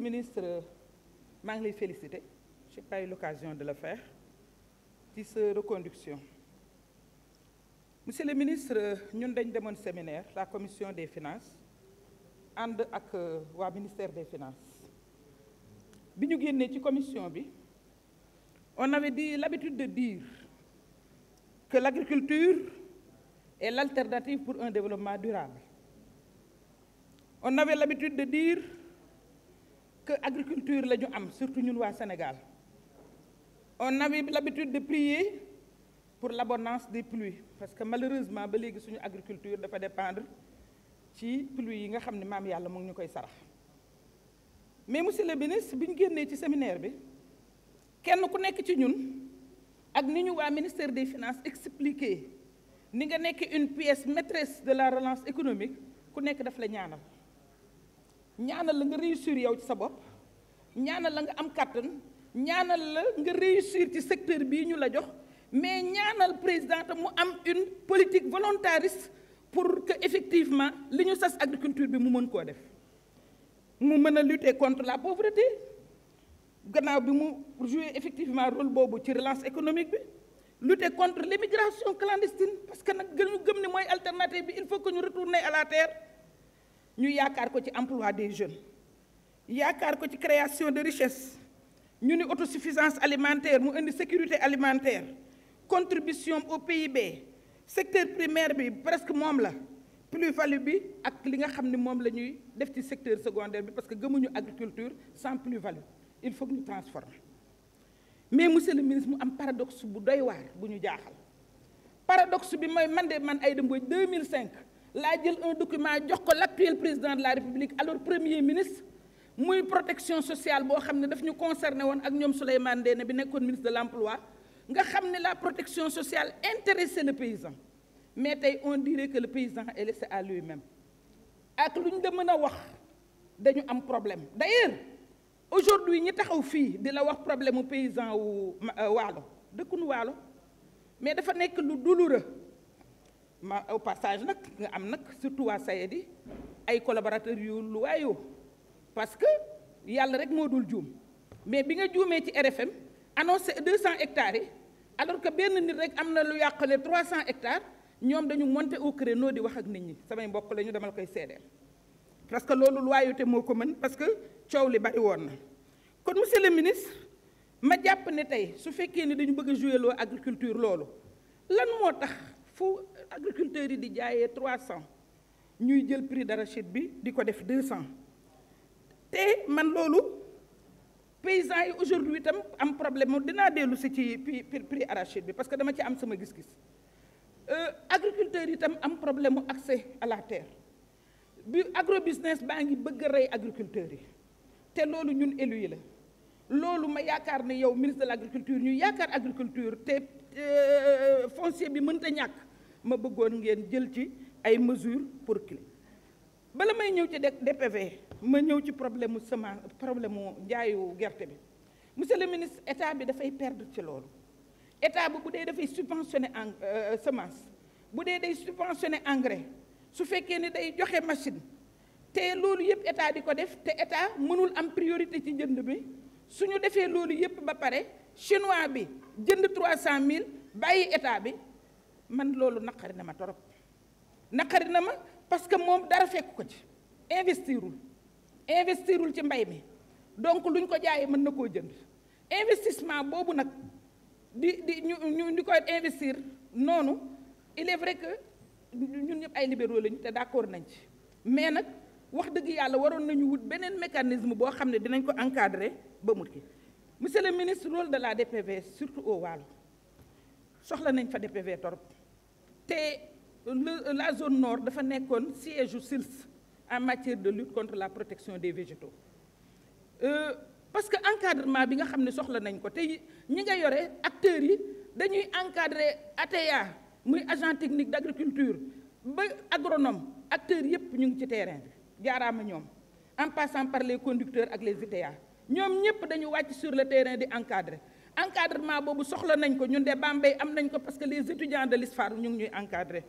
le ministre je vous Je féliciter n'ai pas eu l'occasion de le faire ci sa reconduction monsieur le ministre nous avons dañ un séminaire la commission des finances et ak euh, ministère des finances nous la commission on avait l'habitude de dire que l'agriculture est l'alternative pour un développement durable on avait l'habitude de dire que agriculture la am surtout ñun waa Sénégal on avait l'habitude de prier pour l'abondance des pluies parce que malheureusement ba léegi suñu agriculture dafa dépendre ci pluie yi nga xam ne maam la mu ngi ñu koy sarax mais monsieur le ministre bien que génnee ci séminaire bi kenn ku nekk ci ñun ak ni des finances expliqué ni nga nekk une pièce maîtresse de la relance économique ku nekk daf la ñaanal ñaanal la nga réussir yow ci sa bopp ñaanal la nga am kàttan ñaanal la nga réussir ci secteur bii ñu la jox mais ñaanal président mu am une politique volontariste pour que effectivement li ñu sas agriculture bi mu mën koo def mu mën lutter contre la pauvreté gannaaw bi mu jouer effectivement rôle boobu ci relance économique bi lutter contre l'immigration clandestine parce que nag gënu gëm ne mooy alternative bi il faut que ñu retourner à la terre nous avons ko ci emploi des jeunes yaakaar ko ci création de richesse ñu ni autosuffisance alimentaire mu indi sécurité alimentaire contribution au PIB secteur primaire bi presque moins la plus-value bi ak li nga xam nous la secteur secondaire parce que gëmuñu agriculture sans plus-value il faut que nous transformions. mais monsieur le ministre a un paradoxe bu doy waar bu ñu paradoxe bi que, man man Aïda 2005 laa jël un document jox ko président de la république alors premier ministre qui protection sociale boo xam ne concerné ak Souleymane Dene, ministre de l'Emploi. emploi nga la protection sociale intéressait le paysan mais on dirait que le paysan est laissé à lui-même ak lu de da a wax dañu am problème D'ailleurs, aujourd'hui ñi taxaw fii di la wax problème mu paysan wu euh, de quoi waalo mais dafa nekk lu douloureux ma aw passage nag nga am nag surtout waa Sayedi ay collaborateurs yu luwaayoo parce que yàlla rek moo dul juum mais bi nga juumee ci RFM annoncé 200 hectares yi alors que benn nit rek am na lu trois 300 hectares ñoom dañu monter au noo di wax ak nit ñi samay mbokk la ñu demal koy seedeel parce que loolu luwaayute moo ko mën parce que coow li bari woon na kon monsieur le ministre ma jàpp ne tey su fekkee ni dañu bëgg a jouer loo agriculture loolu lan moo tax agriculteurs yi di jaayee 300. ñuy jël prix d'arachide bi di ko def 200. man paysans yi aujourd'hui itam am problème moom dinaa dellu prix arachide parce que dama ci am sama gis-gis euh, agriculteurs am problème accès à la terre bi agrobusiness baa ngi bëgg rey yi ñun yi la ma yow ministre de l'agriculture ñu yaakaar agriculture te euh, foncier bi ma bëggoon ngeen jël ci ay mesure pour clé bala may ñëw ci DPV ma ñëw ci problème mu semence problème mu njaayu gerte bi monsieur le ministre état bi dafay perdre ci loolu état bi bu dee dafay subventionné en euh, euh, semence bu dee day subventionné engrais su fekkee ne day joxe machine te loolu yëpp état di ko def te état mënul am priorité ci jënd bi su ñu defee loolu yëpp ba pare chinois bi jënd trois cent mille bàyyi état bi. man loolu naqari na ma torop naqari na ma parce que moom dara fekk ko ci investirul investirul ci mbay mi donc luñ ko jaayee mën na koo jënd investissement boobu nag di di ñu ñu di ko investir noonu il est vrai que ñun ñëpp ay libéraux lañu te d'accord nañ ci mais nag wax dëgg yàlla waroon nañu wut beneen mécanisme boo xam ne dinañ ko encadrer ba mu kii monsieur ministre rôle de la DPV surtout au Waalo soxla nañ fa DPV torop C'est la zone nord de si siège u SILS en matière de lutte contre la protection des végétaux euh, parce que l'encadrement, bi nga xam ne soxla le ko te acteurs yi dañuy encadrer ATA agent technique d'agriculture agronome acteurs yépp ñu sur le terrain bi en passant par les conducteurs et les VTA Nous avons dañu sur le terrain di encadrement boobu soxla nañ ko ñun de Bambey am nañ ko parce que les étudiants de l'ISFAR ñu ngi ñuy encadrer